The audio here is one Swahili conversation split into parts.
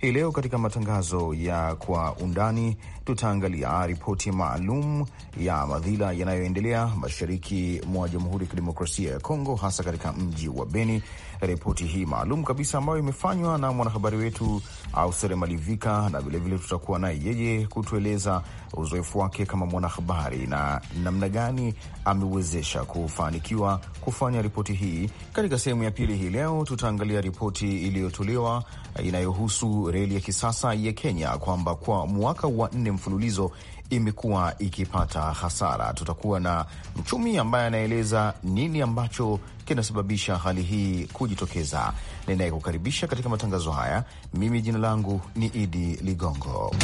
Hii leo katika matangazo ya kwa undani tutaangalia ripoti maalum ya madhila yanayoendelea mashariki mwa Jamhuri ya Kidemokrasia ya Kongo, hasa katika mji wa Beni. Ripoti hii maalum kabisa ambayo imefanywa na mwanahabari wetu Ausere Malivika, na vilevile tutakuwa naye yeye kutueleza uzoefu wake kama mwanahabari na namna gani amewezesha kufanikiwa kufanya ripoti hii. Katika sehemu ya pili hii leo tutaangalia ripoti iliyotolewa inayohusu reli ya kisasa ya Kenya kwamba kwa mwaka wa nne mfululizo imekuwa ikipata hasara. Tutakuwa na mchumi ambaye anaeleza nini ambacho kinasababisha hali hii kujitokeza. Ninayekukaribisha katika matangazo haya, mimi jina langu ni Idi Ligongo.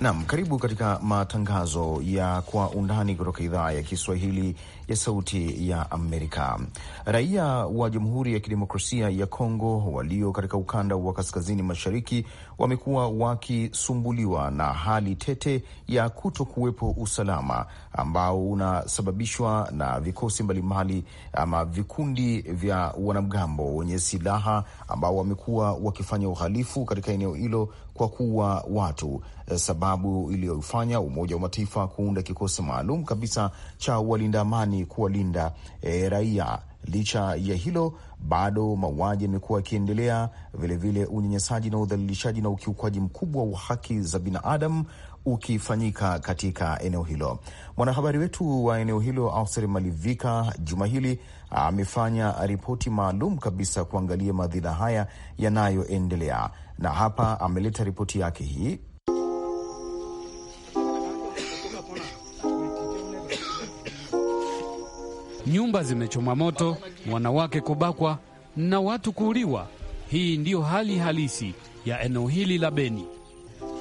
Naam, karibu katika matangazo ya kwa undani kutoka idhaa ya Kiswahili ya Sauti ya Amerika. Raia wa Jamhuri ya Kidemokrasia ya Kongo walio katika ukanda wa kaskazini mashariki wamekuwa wakisumbuliwa na hali tete ya kuto kuwepo usalama ambao unasababishwa na vikosi mbalimbali ama vikundi vya wanamgambo wenye silaha ambao wamekuwa wakifanya uhalifu katika eneo hilo kwa kuwa watu, eh, sababu iliyofanya Umoja wa Mataifa kuunda kikosi maalum kabisa cha walinda amani kuwalinda e, raia. Licha ya hilo, bado mauaji yamekuwa yakiendelea, vilevile unyanyasaji na udhalilishaji na ukiukwaji mkubwa wa haki za binadamu ukifanyika katika eneo hilo. Mwanahabari wetu wa eneo hilo auser Malivika juma hili amefanya ripoti maalum kabisa kuangalia madhila haya yanayoendelea na hapa ameleta ripoti yake hii. Nyumba zimechoma moto, wanawake kubakwa na watu kuuliwa. Hii ndiyo hali halisi ya eneo hili la Beni.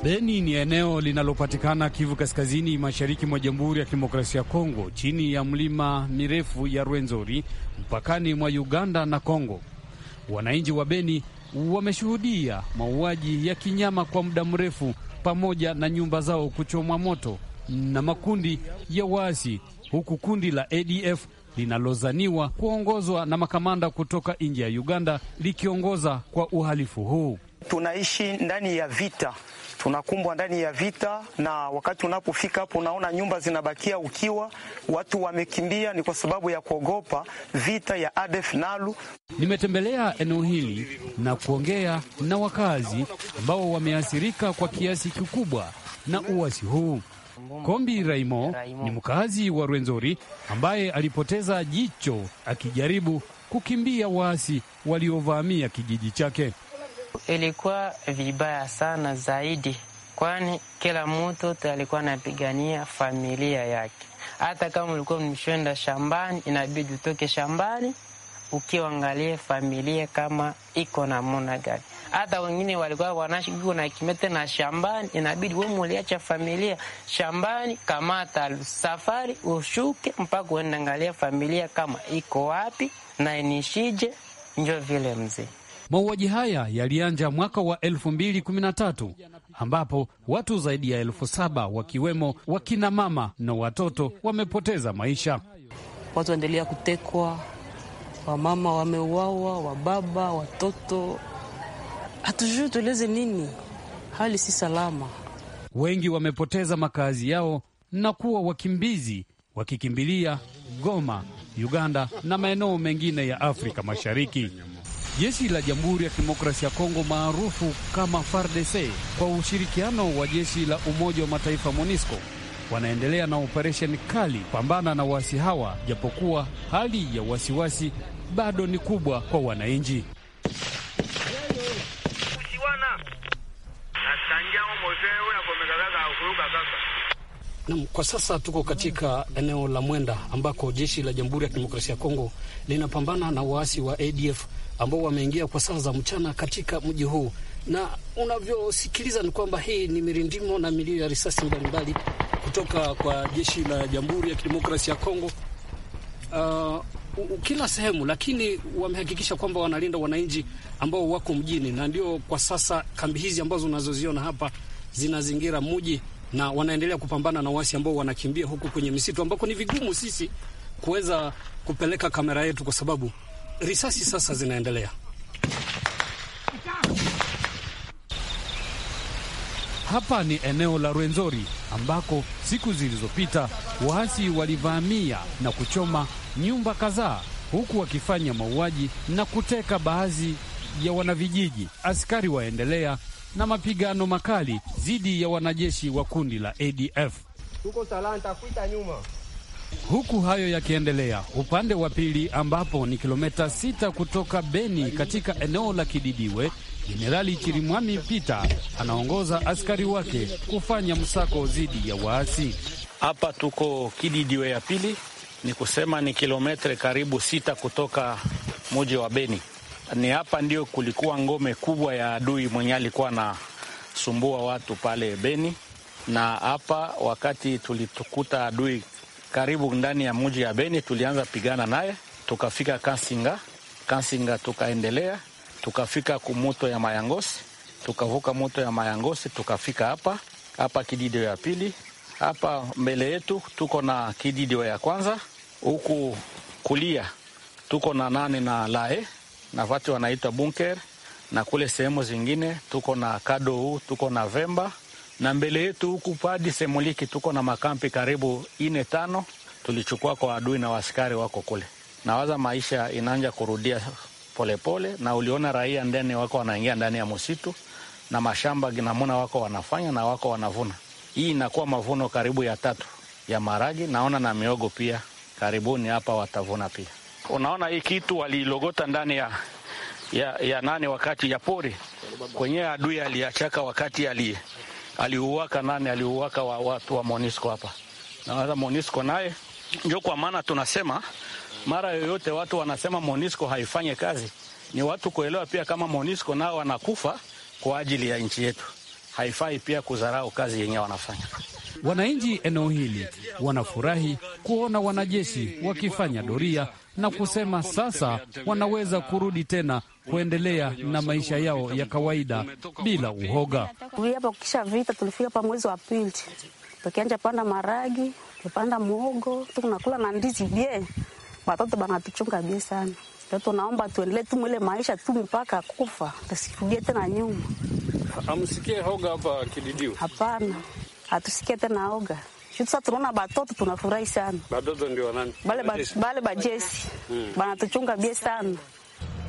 Beni ni eneo linalopatikana Kivu Kaskazini, mashariki mwa Jamhuri ya Kidemokrasia ya Kongo, chini ya mlima mirefu ya Rwenzori, mpakani mwa Uganda na Kongo. Wananchi wa Beni wameshuhudia mauaji ya kinyama kwa muda mrefu, pamoja na nyumba zao kuchomwa moto na makundi ya waasi, huku kundi la ADF linalozaniwa kuongozwa na makamanda kutoka nje ya Uganda likiongoza kwa uhalifu huu. Tunaishi ndani ya vita tunakumbwa ndani ya vita, na wakati unapofika hapo unaona nyumba zinabakia ukiwa, watu wamekimbia, ni kwa sababu ya kuogopa vita ya ADF NALU. Nimetembelea eneo hili na kuongea na wakazi ambao wameathirika kwa kiasi kikubwa na uasi huu. Kombi Raimo ni mkazi wa Rwenzori ambaye alipoteza jicho akijaribu kukimbia waasi waliovamia kijiji chake ilikuwa vibaya sana zaidi, kwani kila mtu alikuwa anapigania familia yake. Hata kama ulikuwa mshenda shambani, inabidi utoke shambani ukiwangalie familia kama iko namna gani. Hata wengine walikuwa wanashiku na kimete na shambani, inabidi we muliacha familia shambani, kamata safari ushuke mpaka uende angalia familia kama iko wapi na inishije. Njo vile mzee Mauaji haya yalianza mwaka wa 2013 ambapo watu zaidi ya elfu saba wakiwemo wakina mama na watoto wamepoteza maisha. Watu waendelea kutekwa, wamama wameuawa, wababa, watoto. Hatujui tueleze nini, hali si salama. Wengi wamepoteza makazi yao na kuwa wakimbizi wakikimbilia Goma, Uganda na maeneo mengine ya Afrika Mashariki. Jeshi la Jamhuri ya Kidemokrasia ya Kongo maarufu kama FARDC kwa ushirikiano wa jeshi la Umoja wa Mataifa MONUSCO wanaendelea na operesheni kali pambana na waasi hawa, japokuwa hali ya wasiwasi bado ni kubwa kwa wananchi. Naam, mm, kwa sasa tuko katika eneo la Mwenda ambako jeshi la Jamhuri ya Kidemokrasia ya Kongo linapambana na waasi wa ADF ambao wameingia kwa saa za mchana katika mji huu, na unavyosikiliza ni kwamba hii ni mirindimo na milio ya risasi mbalimbali kutoka kwa jeshi la Jamhuri ya Kidemokrasia ya Kongo uh, kila sehemu, lakini wamehakikisha kwamba wanalinda wananchi ambao wako mjini, na ndio kwa sasa kambi hizi ambazo unazoziona hapa zinazingira mji na wanaendelea kupambana na wasi ambao wanakimbia huku kwenye misitu ambako ni vigumu sisi kuweza kupeleka kamera yetu kwa sababu risasi sasa zinaendelea. Hapa ni eneo la Rwenzori ambako siku zilizopita waasi walivamia na kuchoma nyumba kadhaa huku wakifanya mauaji na kuteka baadhi ya wanavijiji. Askari waendelea na mapigano makali dhidi ya wanajeshi wa kundi la ADF. Tuko salama, nitakuita nyuma. Huku hayo yakiendelea, upande wa pili ambapo ni kilomita sita kutoka Beni katika eneo la Kididiwe, Jenerali Chirimwami Pita anaongoza askari wake kufanya msako dhidi ya waasi. Hapa tuko Kididiwe ya pili, ni kusema ni kilometre karibu sita kutoka muji wa Beni. Ni hapa ndio kulikuwa ngome kubwa ya adui mwenye alikuwa anasumbua watu pale Beni, na hapa wakati tulitukuta adui karibu ndani ya mji ya Beni, tulianza pigana naye tukafika Kansinga. Kansinga tukaendelea tukafika kumoto ya Mayangosi, tukavuka moto ya Mayangosi tukafika hapa hapa kididio ya pili. Hapa mbele yetu tuko na kididio ya kwanza, huku kulia tuko na nane na lae na vatu wanaitwa bunker, na kule sehemu zingine tuko na kado huu, tuko na vemba na mbele yetu huku padi Semuliki tuko na makampi karibu ine tano tulichukua kwa adui na waskari wako kule. Nawaza maisha inaanja kurudia polepole pole, na uliona raia ndani wako wanaingia ndani ya msitu na mashamba ginamuna wako wanafanya na wako wanavuna. Hii inakuwa mavuno karibu ya tatu ya maragi, naona na miogo pia karibuni hapa watavuna pia. Unaona hii kitu waliilogota ndani ya, ya, ya nane wakati ya pori kwenye adui aliachaka wakati aliye aliuaka nani, aliuaka wa watu wa Monisco hapa na hata Monisco naye njo kwa maana tunasema mara yoyote watu wanasema Monisco haifanye kazi, ni watu kuelewa pia kama Monisco nao wanakufa kwa ajili ya nchi yetu. Haifai pia kudharau kazi yenyewe wanafanya. Wananchi eneo hili wanafurahi kuona wanajeshi wakifanya doria na kusema sasa wanaweza kurudi tena kuendelea na maisha yao ya kawaida bila uhoga. Hapa kisha vita tulifika hapa mwezi wa pili, tukianja panda maragi, tupanda muhogo, tunakula na ndizi. watoto banatuchunga bie sana tunaomba tuendelee tu maisha tu mpaka kufa, tusirudie tena nyuma. Amsikie hoga hapa kididio, hapana hatusikia tena oga sasa tunaona batoto tunafurahi sana. Batoto ndio nani? Bale bajesi banatuchunga hmm. bie sana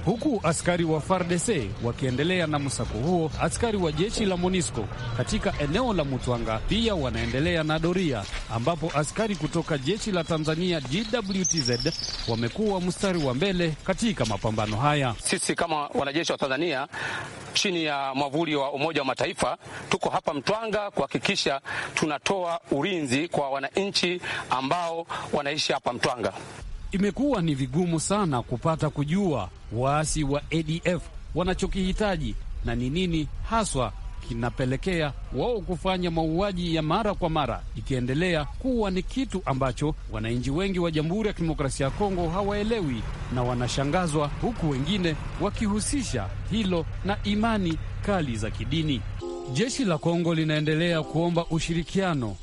huku askari wa FARDC wakiendelea na msako huo. Askari wa jeshi la MONUSCO katika eneo la Mutwanga pia wanaendelea na doria, ambapo askari kutoka jeshi la Tanzania GWTZ wamekuwa mstari wa mbele katika mapambano haya. Sisi kama wanajeshi wa Tanzania chini ya mwavuli wa Umoja wa Mataifa tuko hapa Mtwanga kuhakikisha tunatoa ulinzi kwa wananchi ambao wanaishi hapa Mtwanga imekuwa ni vigumu sana kupata kujua waasi wa ADF wanachokihitaji na ni nini haswa kinapelekea wao kufanya mauaji ya mara kwa mara, ikiendelea kuwa ni kitu ambacho wananchi wengi wa Jamhuri ya Kidemokrasia ya Kongo hawaelewi na wanashangazwa, huku wengine wakihusisha hilo na imani kali za kidini. Jeshi la Kongo linaendelea kuomba ushirikiano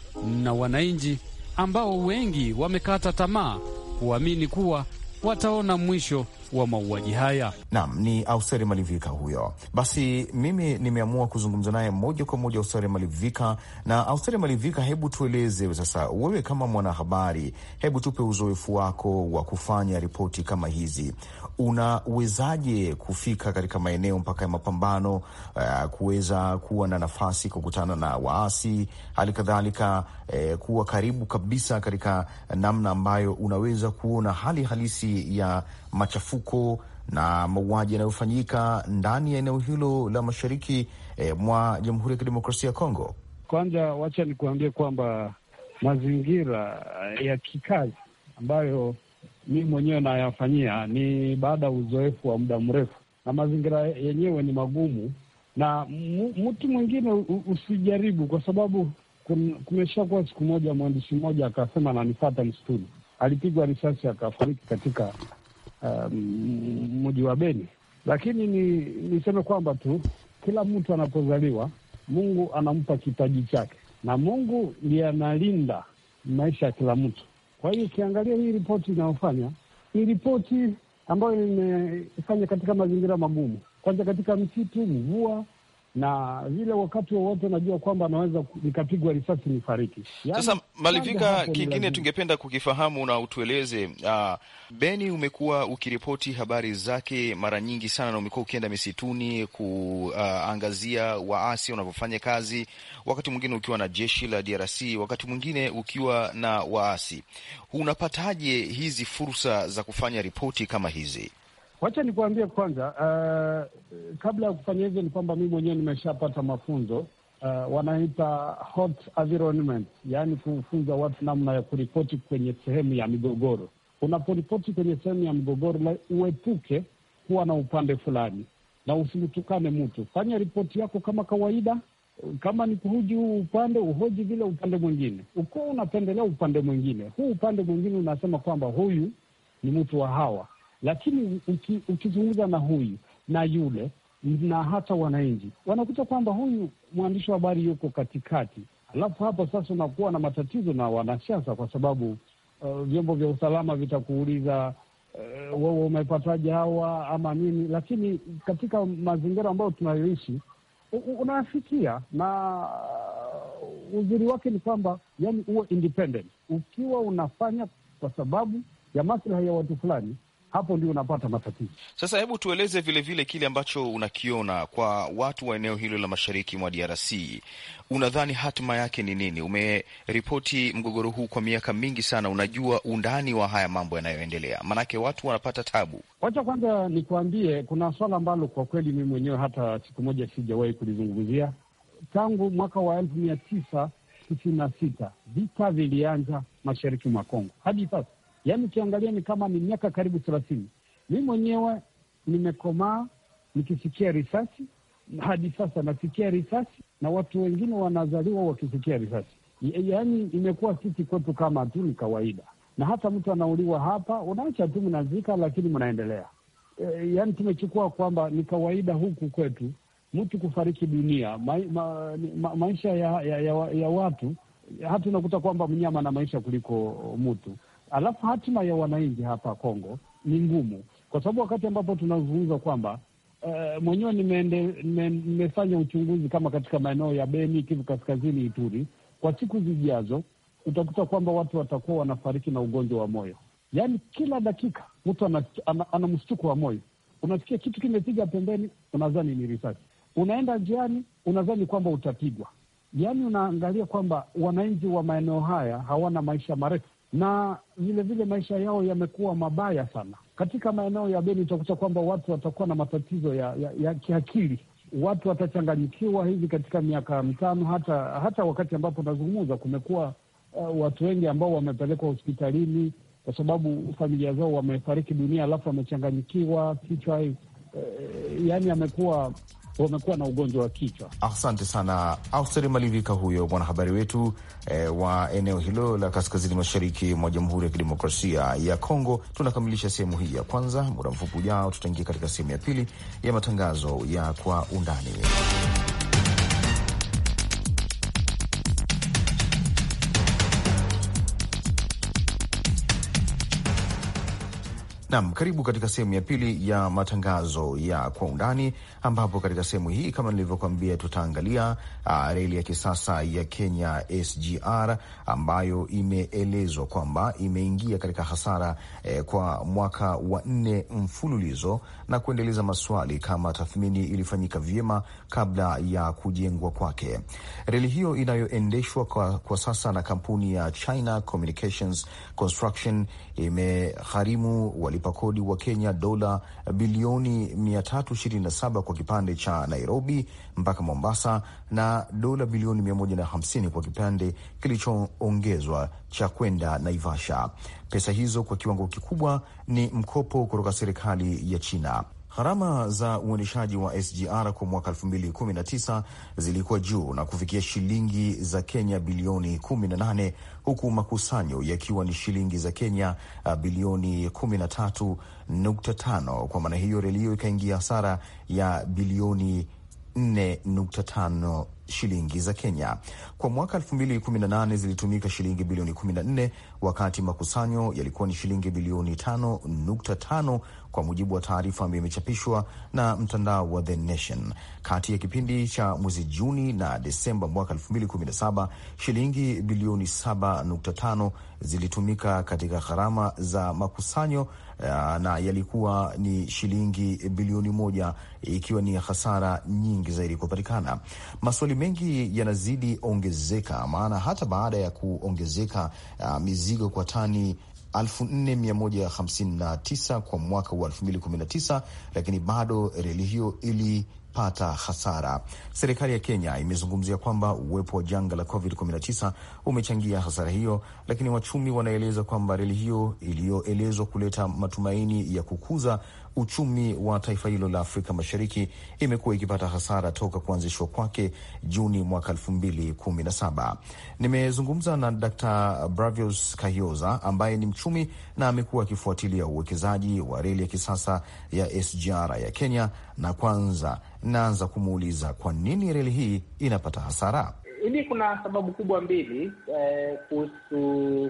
na wananchi ambao wengi wamekata tamaa kuamini kuwa wataona mwisho wa mauaji haya. Naam, ni Auseri Malivika huyo. Basi mimi nimeamua kuzungumza naye moja kwa moja, Auseri Malivika. Na Auseri Malivika, hebu tueleze sasa, wewe kama mwanahabari, hebu tupe uzoefu wako wa kufanya ripoti kama hizi. Unawezaje kufika katika maeneo mpaka ya mapambano, uh, kuweza kuwa na nafasi kukutana na waasi, hali kadhalika eh, kuwa karibu kabisa katika eh, namna ambayo unaweza kuona hali halisi ya machafuko na mauaji yanayofanyika ndani ya eneo hilo la mashariki e, mwa Jamhuri ya Kidemokrasia ya Kongo? Kwanza wacha nikuambie kwamba mazingira eh, ya kikazi ambayo mi mwenyewe nayafanyia ni baada ya uzoefu wa muda mrefu, na mazingira yenyewe ni magumu, na mtu mwingine usijaribu, kwa sababu kumeshakuwa siku moja mwandishi mmoja akasema, nanifata msituni, alipigwa risasi akafariki katika um, mji wa Beni. Lakini ni niseme kwamba tu kila mtu anapozaliwa Mungu anampa kipaji chake, na Mungu ndiye analinda maisha ya kila mtu. Kwa hiyo ukiangalia hii ripoti inayofanya ni ripoti ambayo imefanya katika mazingira magumu, kwanza katika msitu, mvua na vile wakati wowote najua kwamba anaweza nikapigwa risasi nifariki. Yani, sasa Malivika, kingine tungependa kukifahamu na utueleze. Uh, Beni umekuwa ukiripoti habari zake mara nyingi sana na umekuwa ukienda misituni kuangazia uh, waasi wanavyofanya kazi, wakati mwingine ukiwa na jeshi la DRC, wakati mwingine ukiwa na waasi. Unapataje hizi fursa za kufanya ripoti kama hizi? Wacha nikuambie kwanza, uh, kabla ya kufanya hivyo ni kwamba mi mwenyewe nimeshapata mafunzo uh, wanaita hot environment, yaani kufunza watu namna ya kuripoti kwenye sehemu ya migogoro. Unaporipoti kwenye sehemu ya migogoro, uepuke kuwa na upande fulani na usimtukane mtu. Fanya ripoti yako kama kawaida. Kama ni kuhoji huu upande, uhoji vile upande mwingine. ukuwa unapendelea upande mwingine, huu upande mwingine unasema kwamba huyu ni mtu wa hawa lakini uki, ukizungumza na huyu na yule na hata wananchi wanakuta kwamba huyu mwandishi wa habari yuko katikati, alafu hapo sasa unakuwa na matatizo na wanasiasa, kwa sababu uh, vyombo vya usalama vitakuuliza uh, wewe uh, umepataje hawa ama nini, lakini katika mazingira ambayo tunayoishi unaafikia na uh, uzuri wake ni kwamba yani, uwe independent ukiwa unafanya kwa sababu ya maslahi ya watu fulani, hapo ndio unapata matatizo. Sasa hebu tueleze vilevile vile kile ambacho unakiona kwa watu wa eneo hilo la mashariki mwa DRC, unadhani hatima yake ni nini? Umeripoti mgogoro huu kwa miaka mingi sana, unajua undani wa haya mambo yanayoendelea, maanake watu wanapata tabu. Wacha kwanza nikuambie, kuna swala ambalo kwa kweli mimi mwenyewe hata siku moja sijawahi kulizungumzia tangu mwaka wa elfu mia tisa tisini na sita vita vilianza mashariki mwa Kongo hadi sasa yaani ukiangalia ni kama ni miaka karibu thelathini. Mi mwenyewe nimekomaa nikisikia risasi hadi sasa nasikia risasi, na watu wengine wanazaliwa wakisikia risasi. Yaani imekuwa sisi kwetu kama tu ni kawaida, na hata mtu anauliwa hapa, unaacha tu mnazika, lakini mnaendelea. E, yaani tumechukua kwamba ni kawaida huku kwetu mtu kufariki dunia. ma, ma, ma, maisha ya, ya, ya, ya watu hata unakuta kwamba mnyama na maisha kuliko mtu. Alafu hatima ya wananchi hapa Kongo ni ngumu, kwa sababu wakati ambapo tunazungumza kwamba uh, mwenyewe nimeende, nimefanya uchunguzi kama katika maeneo ya Beni, Kivu Kaskazini, Ituri, kwa siku zijazo utakuta kwamba watu watakuwa wanafariki na ugonjwa wa moyo. Yaani kila dakika mtu ana, ana, ana mshtuko wa moyo, unasikia kitu kimepiga pembeni, unadhani ni risasi, unaenda njiani, unadhani kwamba utapigwa. Yaani unaangalia kwamba wananchi wa maeneo haya hawana maisha marefu na vilevile maisha yao yamekuwa mabaya sana. Katika maeneo ya Beni utakuta kwamba watu watakuwa na matatizo ya, ya, ya kiakili watu watachanganyikiwa hivi katika miaka mitano. Hata hata wakati ambapo nazungumza, kumekuwa uh, watu wengi ambao wamepelekwa hospitalini kwa sababu familia zao wamefariki dunia, alafu wamechanganyikiwa kichwa. Uh, yani amekuwa wamekuwa na ugonjwa wa kichwa. Asante sana Austeri Malivika, huyo mwanahabari wetu e, wa eneo hilo la kaskazini mashariki mwa Jamhuri ya Kidemokrasia ya Kongo. Tunakamilisha sehemu hii ya kwanza. Muda mfupi ujao, tutaingia katika sehemu ya pili ya matangazo ya Kwa Undani. Nam, karibu katika sehemu ya pili ya matangazo ya kwa undani, ambapo katika sehemu hii kama nilivyokuambia, tutaangalia uh, reli ya kisasa ya Kenya SGR ambayo imeelezwa kwamba imeingia katika hasara eh, kwa mwaka wa nne mfululizo na kuendeleza maswali kama tathmini ilifanyika vyema kabla ya kujengwa kwake. Reli hiyo inayoendeshwa kwa, kwa sasa na kampuni ya China Communications Construction imegharimu walipa kodi wa Kenya dola bilioni 327 kwa kipande cha Nairobi mpaka Mombasa na dola bilioni 150 kwa kipande kilichoongezwa cha kwenda Naivasha. Pesa hizo kwa kiwango kikubwa ni mkopo kutoka serikali ya China. Gharama za uendeshaji wa SGR kwa mwaka 2019 zilikuwa juu na kufikia shilingi za Kenya bilioni 18 huku makusanyo yakiwa ni shilingi za Kenya uh, bilioni 13.5. Kwa maana hiyo, reli hiyo ikaingia hasara ya bilioni 4.5 shilingi za Kenya. Kwa mwaka 2018 zilitumika shilingi bilioni 14, wakati makusanyo yalikuwa ni shilingi bilioni 5.5 kwa mujibu wa taarifa ambayo imechapishwa na mtandao wa The Nation. Kati ya kipindi cha mwezi Juni na Desemba mwaka 2017, shilingi bilioni 7.5 zilitumika katika gharama za makusanyo eh, na yalikuwa ni shilingi bilioni moja, ikiwa ni hasara nyingi zaidi kupatikana. Maswali maswali mengi yanazidi ongezeka, maana hata baada ya kuongezeka uh, mizigo kwa tani 4159 kwa mwaka wa 2019 lakini bado reli hiyo ilipata hasara. Serikali ya Kenya imezungumzia kwamba uwepo wa janga la COVID-19 umechangia hasara hiyo, lakini wachumi wanaeleza kwamba reli hiyo iliyoelezwa kuleta matumaini ya kukuza uchumi wa taifa hilo la Afrika Mashariki imekuwa ikipata hasara toka kuanzishwa kwake Juni mwaka elfu mbili kumi na saba. Nimezungumza na d Bravius Kahioza ambaye ni mchumi na amekuwa akifuatilia uwekezaji wa reli ya kisasa ya SGR ya Kenya, na kwanza naanza kumuuliza kwa nini reli hii inapata hasara. Hili kuna sababu kubwa mbili eh, kuhusu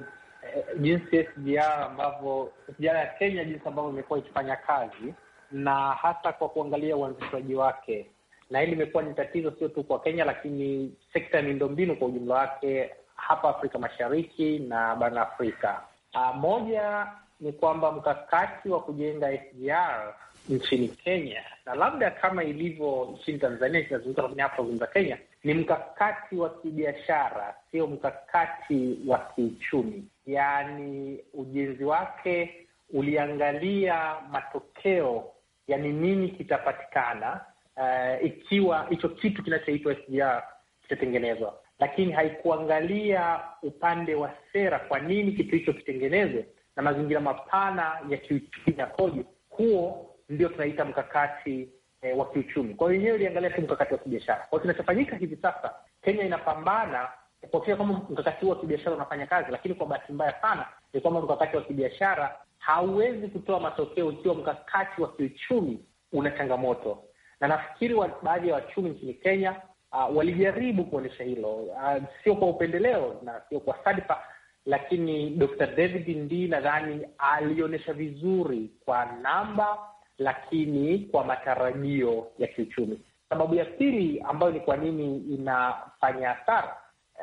jinsi SGR ambavyo SGR ya Kenya jinsi ambavyo imekuwa ikifanya kazi na hasa kwa kuangalia uanzishwaji wake, na hili limekuwa ni tatizo sio tu kwa Kenya, lakini sekta ya miundombinu kwa ujumla wake hapa Afrika Mashariki na barani Afrika. Uh, moja ni kwamba mkakati wa kujenga SGR nchini Kenya na labda kama ilivyo nchini Tanzania, tunazungumza Kenya ni mkakati wa kibiashara, sio mkakati wa kiuchumi. Yaani ujenzi wake uliangalia matokeo, yani nini kitapatikana uh, ikiwa hicho kitu kinachoitwa SGR kitatengenezwa, lakini haikuangalia upande wa sera, kwa nini kitu hicho kitengenezwe na mazingira mapana ya kiuchumi yakoje. Huo ndio tunaita mkakati e, wa kiuchumi. Kwa hiyo yenyewe iliangalia tu mkakati wa kibiashara. Kwa hiyo kinachofanyika hivi sasa, Kenya inapambana kuhakikisha kwamba mkakati huu wa kibiashara unafanya kazi, lakini kwa bahati mbaya sana ni kwamba mkakati wa kibiashara hauwezi kutoa matokeo ikiwa mkakati wa kiuchumi una changamoto, na nafikiri wa, baadhi ya wachumi nchini Kenya uh, walijaribu kuonyesha hilo uh, sio kwa upendeleo na sio kwa sadfa, lakini Dr. David Ndii nadhani alionyesha vizuri kwa namba lakini kwa matarajio ya kiuchumi. Sababu ya pili ambayo ni kwa nini inafanya hasara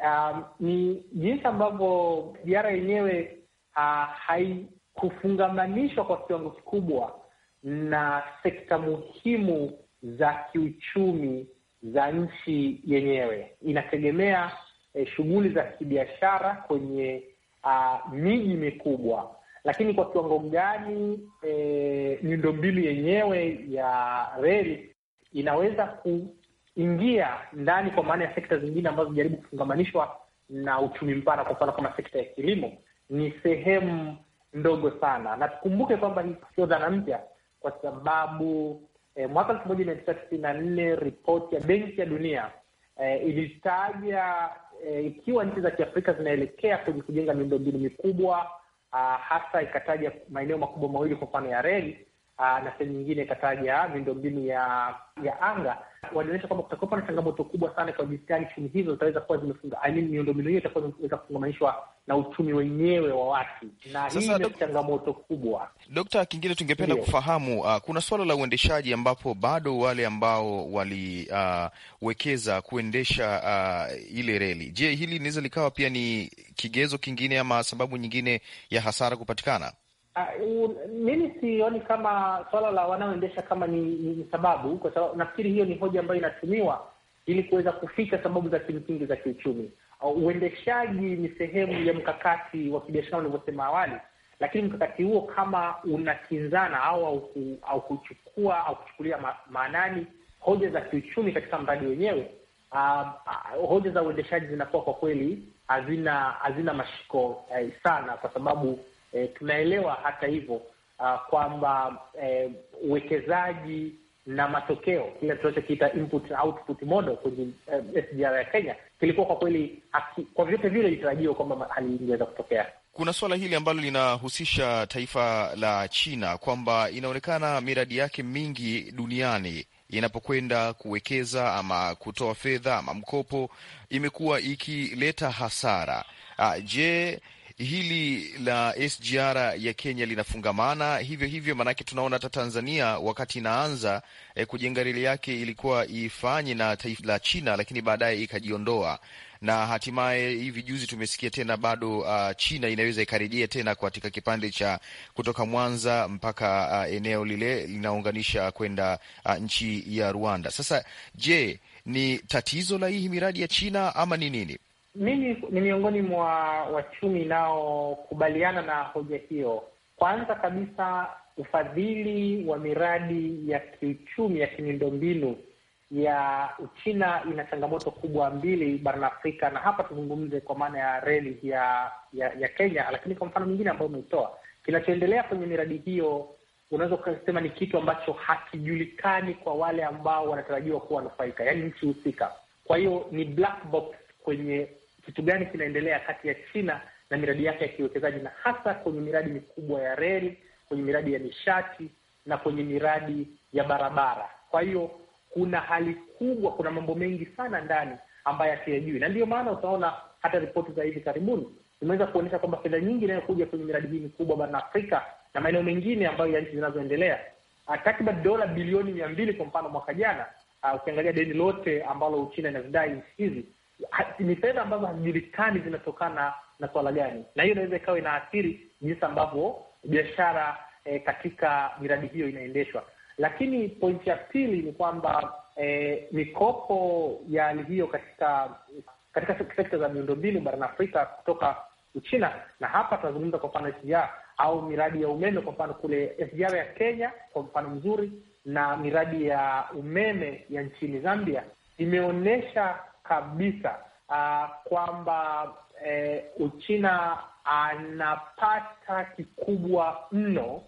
um, ni jinsi ambavyo biara yenyewe uh, haikufungamanishwa kwa kiwango kikubwa na sekta muhimu za kiuchumi za nchi yenyewe. Inategemea eh, shughuli za kibiashara kwenye uh, miji mikubwa lakini kwa kiwango gani e, eh, miundombinu yenyewe ya reli inaweza kuingia ndani, kwa maana ya sekta zingine ambazo zijaribu kufungamanishwa na uchumi mpana, kwa mfano kama sekta ya kilimo, ni sehemu ndogo sana, na tukumbuke kwamba hii sio dhana mpya, kwa sababu e, mwaka elfu moja mia tisa tisini na nne ripoti ya Benki ya Dunia e, ilitaja e, ikiwa nchi za Kiafrika zinaelekea kwenye kujenga miundombinu mikubwa uh, hasa ikataja maeneo makubwa mawili kwa mfano ya reli Ah, na sehemu nyingine ikataja miundombinu ya ya anga, walionyesha kwamba kutakuwa na changamoto kubwa sana kwa jinsi gani chumi hizo zitaweza kuwa zimefunga, I mean miundombinu hiyo itakuwa imeweza kufungamanishwa na uchumi wenyewe wa watu, na hii ni changamoto kubwa. Dokta, kingine tungependa yeah, kufahamu uh, kuna suala la uendeshaji ambapo bado wale ambao waliwekeza ah, uh, kuendesha uh, ile reli. Je, hili linaweza likawa pia ni kigezo kingine ama sababu nyingine ya hasara kupatikana? Ah, mimi sioni kama swala la wanaoendesha kama ni, ni sababu, kwa sababu nafikiri hiyo ni hoja ambayo inatumiwa ili kuweza kuficha sababu za kimsingi za kiuchumi. Ah, uendeshaji ni sehemu ya mkakati wa kibiashara ulivyosema awali, lakini mkakati huo kama unakinzana au au kuchukua au kuchukulia ma, maanani hoja za kiuchumi katika mradi wenyewe, uh, uh, hoja za uendeshaji zinakuwa kwa kweli hazina hazina mashiko uh, sana kwa sababu E, tunaelewa hata hivyo kwamba e, uwekezaji na matokeo kile tunachokiita input output model kwenye eh, SGR ya Kenya kilikuwa kwa kweli haki, kwa vyote vile ilitarajiwa kwamba hali ingeweza kutokea. Kuna suala hili ambalo linahusisha taifa la China kwamba inaonekana miradi yake mingi duniani inapokwenda kuwekeza ama kutoa fedha ama mkopo imekuwa ikileta hasara. Je, hili la SGR ya Kenya linafungamana hivyo hivyo? Maanake tunaona hata Tanzania wakati inaanza eh, kujenga reli yake ilikuwa ifanye na taifa la China, lakini baadaye ikajiondoa na hatimaye hivi juzi tumesikia tena bado uh, China inaweza ikarejea tena katika kipande cha kutoka Mwanza mpaka uh, eneo lile linaunganisha kwenda uh, nchi ya Rwanda. Sasa je, ni tatizo la hii miradi ya China ama ni nini? Mimi ni miongoni mwa wachumi inaokubaliana na hoja hiyo. Kwanza kabisa, ufadhili wa miradi ya kiuchumi ya kimiundombinu ya Uchina ina changamoto kubwa mbili barani Afrika, na hapa tuzungumze kwa maana ya reli ya, ya ya Kenya, lakini kwa mfano mwingine ambayo umeitoa, kinachoendelea kwenye miradi hiyo unaweza ukasema ni kitu ambacho hakijulikani kwa wale ambao wanatarajiwa kuwa wanufaika, yaani nchi husika. Kwa hiyo ni black box kwenye kitu gani kinaendelea kati ya China na miradi yake ya kiwekezaji, na hasa kwenye miradi mikubwa ya reli, kwenye miradi ya nishati na kwenye miradi ya barabara. Kwa hiyo kuna hali kubwa, kuna mambo mengi sana ndani ambayo hatuyajui, na ndiyo maana utaona hata ripoti za hivi karibuni zimeweza kuonyesha kwamba fedha nyingi inayokuja kwenye miradi hii mikubwa barani Afrika na maeneo mengine ambayo ya nchi zinazoendelea ah, takriban dola bilioni mia mbili kwa mfano mwaka jana. Ah, ukiangalia deni lote ambalo Uchina inazidai nchi hizi ni fedha ambazo hazijulikani zinatokana na swala gani, na hiyo inaweza ikawa inaathiri jinsi ambavyo biashara e, katika miradi hiyo inaendeshwa. Lakini pointi ya pili ni kwamba e, mikopo ya hali hiyo katika katika sekta za miundombinu barani Afrika kutoka Uchina, na hapa tunazungumza kwa mfano SGR au miradi ya umeme, kwa mfano kule SGR ya Kenya kwa mfano mzuri, na miradi ya umeme ya nchini Zambia imeonyesha kabisa uh, kwamba eh, Uchina anapata kikubwa mno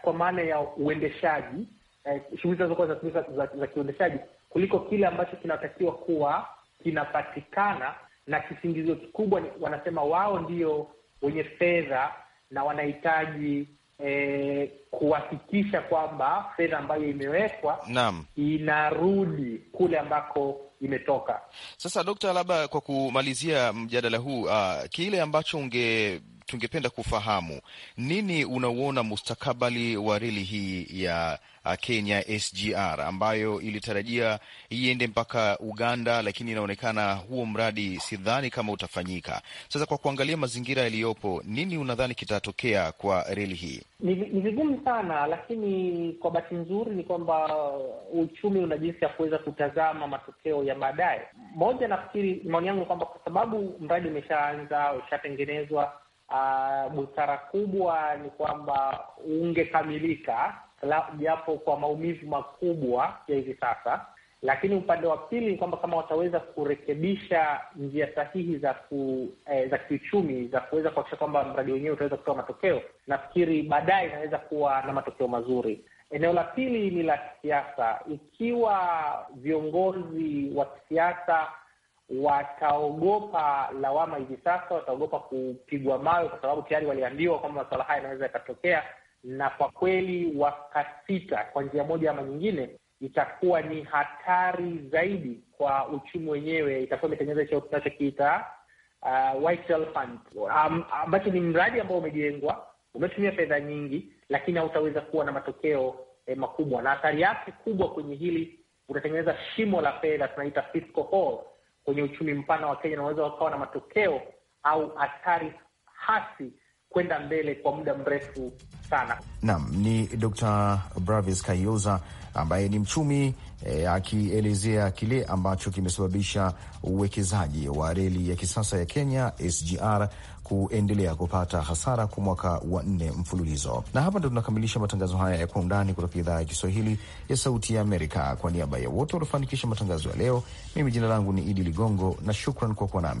kwa maana ya uendeshaji eh, shughuli zinazokuwa zinatumika za, za kiuendeshaji kuliko kile ambacho kinatakiwa kuwa kinapatikana, na kisingizio kikubwa wanasema wao ndio wenye fedha na wanahitaji eh, kuhakikisha kwamba fedha ambayo imewekwa naam, inarudi kule ambako imetoka. Sasa Dokta, labda kwa kumalizia mjadala huu, uh, kile ambacho unge tungependa kufahamu nini unauona mustakabali wa reli hii ya uh, Kenya SGR ambayo ilitarajia iende mpaka Uganda, lakini inaonekana huo mradi sidhani kama utafanyika. Sasa kwa kuangalia mazingira yaliyopo, nini unadhani kitatokea kwa reli hii? Ni vigumu sana, lakini kwa bahati nzuri ni kwamba uchumi una jinsi ya kuweza kutazama matokeo ya baadaye. Moja, nafikiri maoni yangu ni kwamba kwa sababu mradi umeshaanza, ushatengenezwa uh, busara kubwa ni kwamba ungekamilika japo kwa maumivu makubwa ya hivi sasa, lakini upande wa pili ni kwamba kama wataweza kurekebisha njia sahihi za ku, eh, za kiuchumi za kuweza kuhakikisha kwamba mradi wenyewe utaweza kutoa matokeo, nafikiri baadaye inaweza kuwa na matokeo mazuri. Eneo la pili ni la kisiasa. Ikiwa viongozi wa kisiasa wataogopa lawama hivi sasa, wataogopa kupigwa mawe, kwa sababu tayari waliambiwa kwamba masuala haya yanaweza yakatokea, na kwa kweli wakasita, kwa njia moja ama nyingine itakuwa ni hatari zaidi kwa uchumi wenyewe. Itakuwa imetengeneza hicho tunachokiita uh, white um, ambacho um, ni mradi ambao umejengwa, umetumia fedha nyingi, lakini hautaweza kuwa na matokeo eh, makubwa, na hatari yake kubwa kwenye hili, utatengeneza shimo la fedha tunaita fiscal hole kwenye uchumi mpana wa Kenya na unaweza wakawa na matokeo au athari hasi kwenda mbele kwa muda mrefu sana. Naam, ni Dr. Bravis Kayoza ambaye ni mchumi e, akielezea kile ambacho kimesababisha uwekezaji wa reli ya kisasa ya Kenya SGR kuendelea kupata hasara kwa mwaka wa nne mfululizo. Na hapa ndo tunakamilisha matangazo haya ya Kwa Undani kutoka idhaa ya Kiswahili ya Sauti ya Amerika. Kwa niaba ya wote waliofanikisha matangazo ya leo, mimi jina langu ni Idi Ligongo na shukran kwa kuwa nami.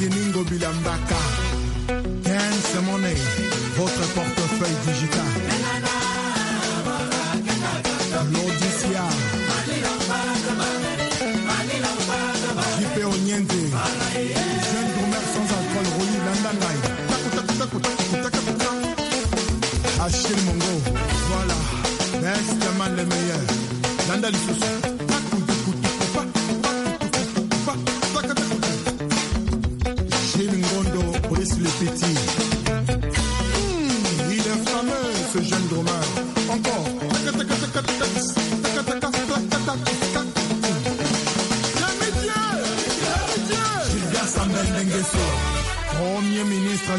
marketing Bilambaka mbaka. Money, votre portefeuille digital. J'y L'Odyssea. JP Oniente. Jeune gourmet sans alcool, Roli Landangai. Achille Mongo. Voilà. Est-ce que man le meilleur. Landal Soussou.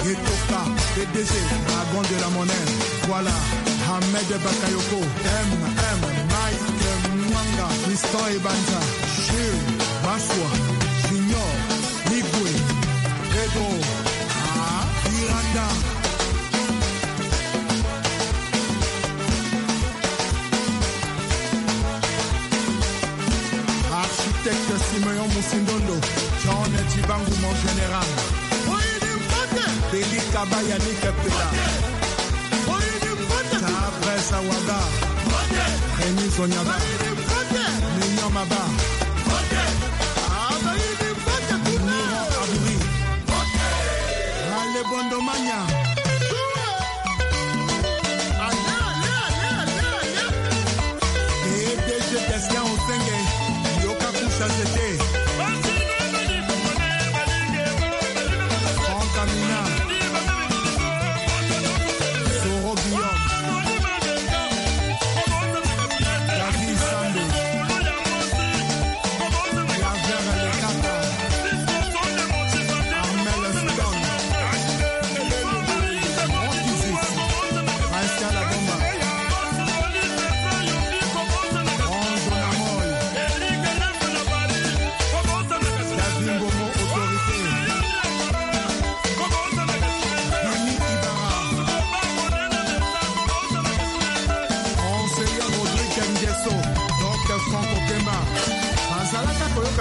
Etoka, PDG, dragon de la monnaie. Voilà, Ahmed Bakayoko, MM, Mike Mwanga, Tristan Banza, Jules, Maswa, Junior, Nibwe, Edo ah, Miranda. Architecte Simeon Moussindondo, Jean Etibangu, mon général. bayani kapila tabresa